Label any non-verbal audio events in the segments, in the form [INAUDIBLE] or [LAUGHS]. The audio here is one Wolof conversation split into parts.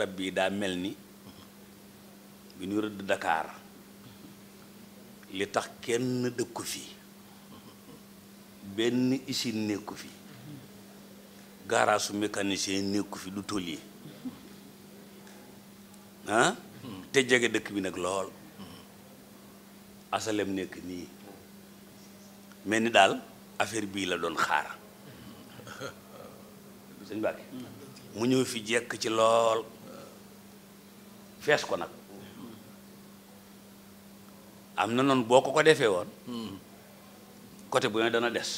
barab bii daa mel ni bi ñu rëdd dakaar li tax kenn dëkku fi benn isin nekku fi garaasu su mécanicien nekku fi du tool yi ah te jege dëkk bi nag lool asalem nekk nii mel ni daal affaire bii la doon xaar sëñ Mbàkke mu ñëw fi jekk ci lool fees ko nag am na noonu boo ko ko defee woon côté bu ne dana des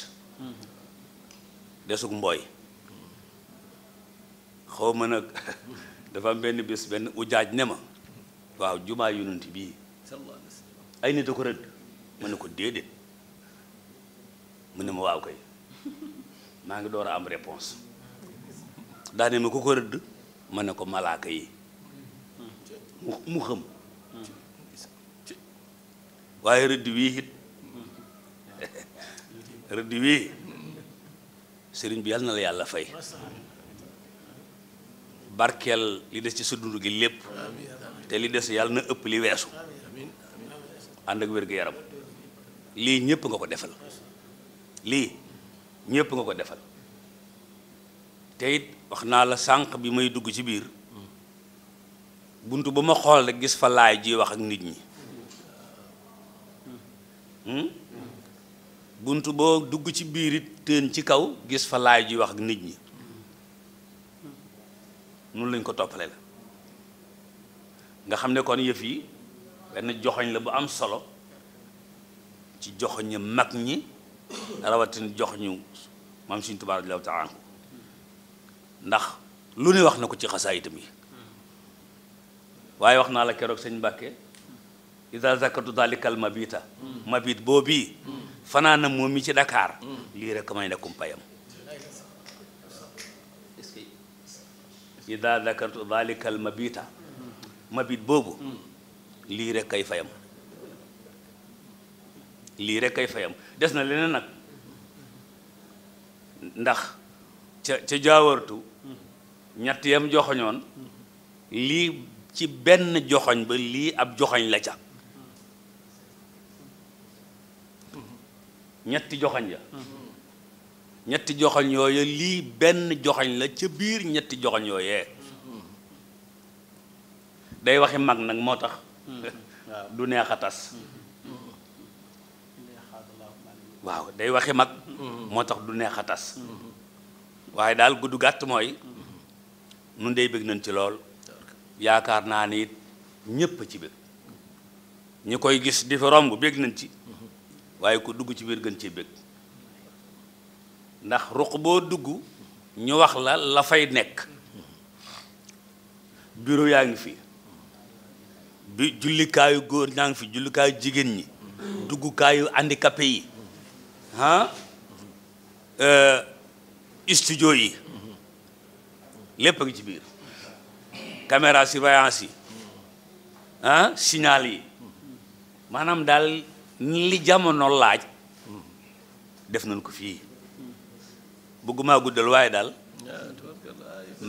desug mbooy xaw ma nag [LAUGHS] dafa am benn bis benn ujaaj ne ma waaw jumaa yonent bii ay nit a ko rëdd ma ne ko déedéet mu ne ma waaw kay maa ngi door a am réponse daane ma ku ko rëdd ma ne ko malaaka yi mu xëm waaye rëdd wii it rëdd wii sëriñ bi yàlla na la yàlla fay barkeel li des ci sa gi lépp te li des yàlla na ëpp li weesu ànd ak wér-gu-yaram lii ñëpp nga ko defal lii ñëpp nga ko defal te la bi may dugg ci bunt ba ma xool rek gis fa laay ji wax ak nit ñi hmm? bunt boo dugg ci biir it teen ci kaw gis fa laay ji wax ak nit ñi noonu lañ ko toppale la nga xam ne kon yëf yi benn joxoñ la bu am solo ci joxoñu mag ñi rawatina joxoñu maam Sëriñ Tuubaa radiyallaahu taala anhu ndax lu ne wax na ko ci itam yi waaye wax naa la keroog sëñ Mbàkke ida zakatu dalikal mabita mm. mabit mm. mi ci Dakar mm. lii rek may nekkum payam mabit boobu lii rek ay fayam lii rek kay fayam des na leneen nag ndax ca ca jaawartu ñett yam joxoñoon lii ci ben joxoñ ba lii ab joxoñ la ca ñetti joxoñ ya ñetti joxoñ yooya lii benn joxoñ la ca biir ñetti joxoñ yooyee day waxi mag nag moo tax [LAUGHS] du neex a tas [LAUGHS] waaw day waxi mag [LAUGHS] moo tax du neex a dal waaye daal gudd gàtt mooy nun nañ ci yaakaar naa ni it ñépp ci biir ñi koy gis di fi romb bég nañ ci waaye ku dugg ci biir gën ci bég ndax ruq boo dugg ñu wax la la fay nekk bureau yaa ngi fi bi jullikaayu góor ñaa ngi fi jullikaayu jigéen ñi duggukaayu handicapé yi ah studio yi lépp a ngi ci biir caméra surveillance yi ah signal yi maanaam daal li jamono laaj def nañ ko fii bëgguma guddal waaye daal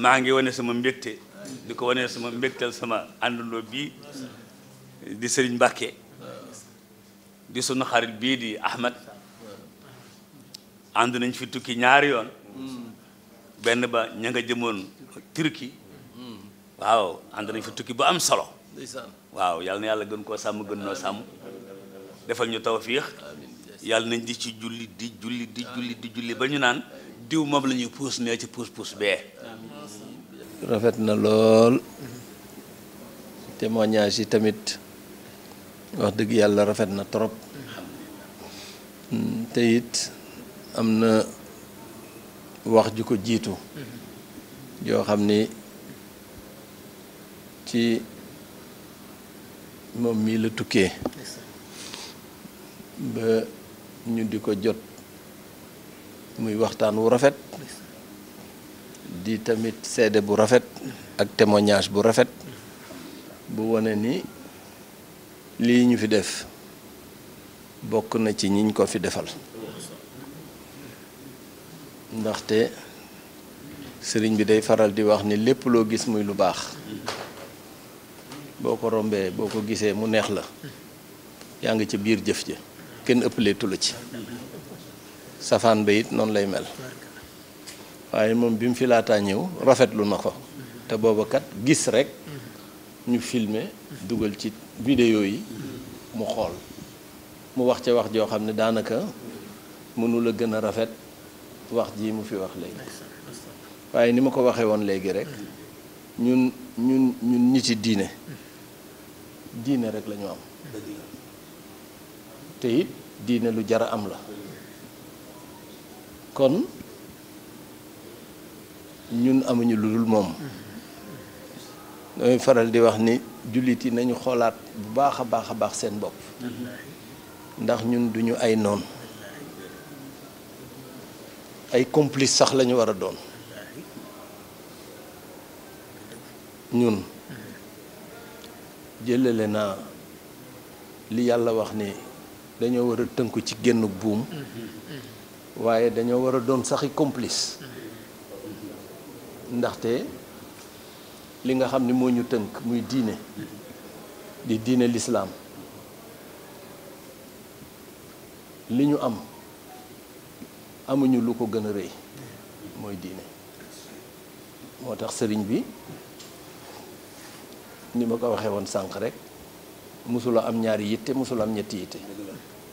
maa ngi wane sama mbégte di ko wane sama mbégtel sama àndandoo bii di Serigne Mbacke di sunu xarit bii di ahmad ànd nañ fi tukki ñaari yoon hmm. ba ña nga jëmoon waaw ànd nañ fa tukki bu am solo waaw yàlla na yàlla gën koo sàmm gën noo sàmm defal ñu tawfiix yàlla nañ di ci julli di julli di julli di julli ba ñu naan diw moom la ñuy puus nee ci puus puus bee rafet na lool témoignage yi tamit wax dëgg yàlla rafet na trop te am na wax ju jitu jiitu yoo mm-hmm. ni ci moom mii la tukkee ba ñu di ko jot muy waxtaan wu rafet di tamit seede bu rafet ak témoignage bu rafet bu wone ni lii ñu fi def bokk na ci ñiñ ko fi defal ndaxte sëriñ bi day faral di wax ni lépp loo gis muy lu baax boo ko rombee boo ko gisee mu neex la yaa ngi ci biir jëf ji kenn ëpp léetu la ci safaan ba it noonu lay mel waaye moom bi mu fi laataa ñëw rafetlu na ko te booba kat gis rekk ñu filmer dugal ci vidéo yi mu xool mu wax ca wax joo xam ne daanaka mënula gën a rafet wax ji mu fi wax léegi waaye ni ma ko waxee woon léegi rek ñun ñun ñun ñi ci diine diine rek la am te it diine lu jara am la kon ñun amuñu lu moom damay faral di wax ni jullit yi nañu xoolaat bu baax a baax a baax seen bopp ndax ñun duñu ay noon ay complice sax lañu war a doon ñun jëlale naa li yàlla wax ni dañoo war a tënku ci génn buum waaye dañoo war a doon saxi complice ndaxte li nga xam ni moo ñu tënk muy diine di diine lislaam li ñu am amuñu lu ko gën a rëy mooy diine moo tax sëriñ bi ni ma ko waxee woon sànq rek mosula am ñaari yitte mosula am ñetti yitte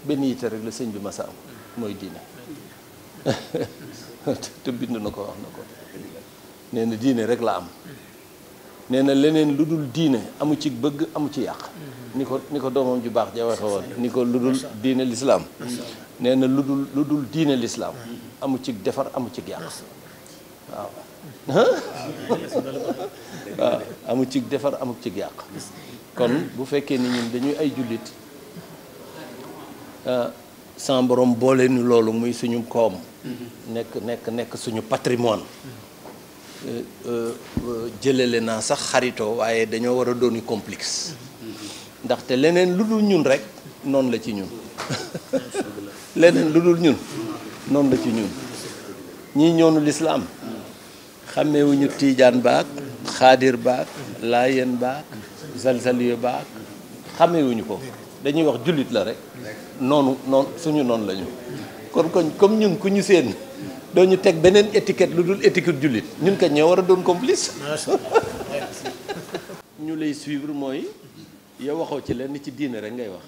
benn yitte rek la sëñ bi masa am mooy diine [LAUGHS] te bind na ko wax na ko nee na diine rek la am nee na leneen lu dul diine amu ci bëgg amu ci yàq ni ko ni ko doomam ju baax ja waxe woon ni ko lu dul diine lislaam nee na lu dul lu dul diine lislaam amu ci defar amu ci yàq waaw waaw [LAUGHS] ah, ci defar amu ci yàq kon bu fekkee ni ñun dañuy ay jullit ah, sans borom boole ñu loolu muy suñu koom nekk nekk nekk suñu patrimoine eh, eh, jëlale naa sax xaritoo waaye dañoo war a dooni complexe ndaxte leneen lu dul ñun rek noonu la ci ñun [LAUGHS] leneen ñun noonu la ci ñun ñii ñoonu lislaam xàmmeewuñu tiijaan baak xaadir baak laayen baak zalzaliyo baak xàmmeewuñu ko dañuy wax jullit la rek noonu noon suñu noon lañu kon koñ comme ñun ku ñu seen doo ñu teg beneen étiquette lu dul étiquette jullit ñun kat ñoo war a doon complice [LAUGHS] ñu lay suivre mooy yow waxoo ci lenn ci diine rek ngay wax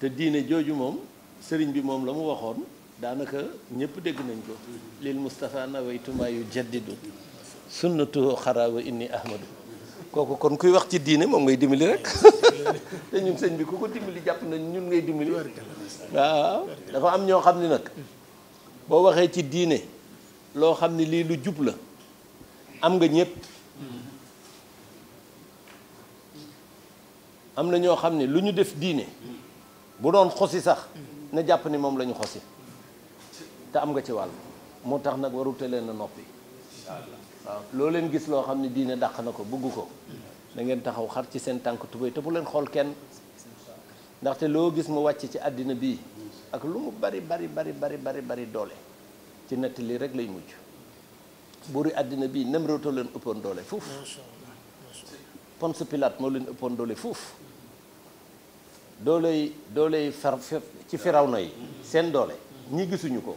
te diine jooju moom sëriñ bi moom la mu waxoon daanaka ñépp dégg nañ ko lil Moustapha nawaytuma yu jaddidu sunnatuhu xara indi inni ahmadu kooku kon kuy wax ci diine moom ngay dimbali rek [LAUGHS] te ñun sëñ bi ku ko dimbali jàpp nañ ñun ngay dimbali waaw dafa am ñoo xam ne nag boo waxee ci diine loo xam ne lii lu jub la am nga ñépp am na ñoo xam ne lu ñu def diine bu doon xosi sax na jàpp ni moom lañu ñu xosi te am nga ci wàll moo tax nag warute leen a noppi waaw loo leen gis loo xam ne diine dàq na ko bëgg ko da ngeen taxaw xar ci seen tànk tubéy te bu leen xool kenn ndaxte loo gis mu wàcc ci àddina bi ak lu mu bari bari bari bari bari bari doole ci nett lii rek lay mujj buuri àddina bi bii Nemrooto leen ëppoon doole fuuf Ponce Pilate moo leen ëppoon doole fuuf doole yi doole yi far ci na yi seen doole ñi gisuñu ko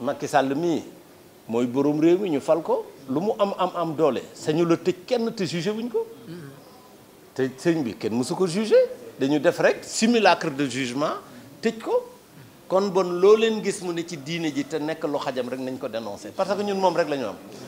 Macky Sall mii mooy borom réew mi ñu fal ko lu mu am am am doole sañu tëj kenn te jugé wuñ ko te sëñ bi kenn mësu ko jugé dañu def rek simulacre de jugement tëj ko kon bon looleen gis mu ne ci diine ji te nekk lu xajam rek nañ ko dénoncé parce que ñun moom rek la am